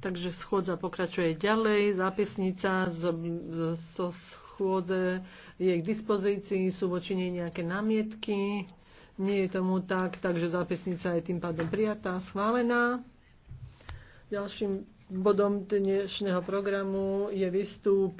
Takže schôdza pokračuje ďalej. Zápisnica zo, zo schôdze je k dispozícii. Sú voči nej nejaké námietky? Nie je tomu tak, takže zápisnica je tým pádom prijatá, schválená. Ďalším bodom dnešného programu je vystúpenie.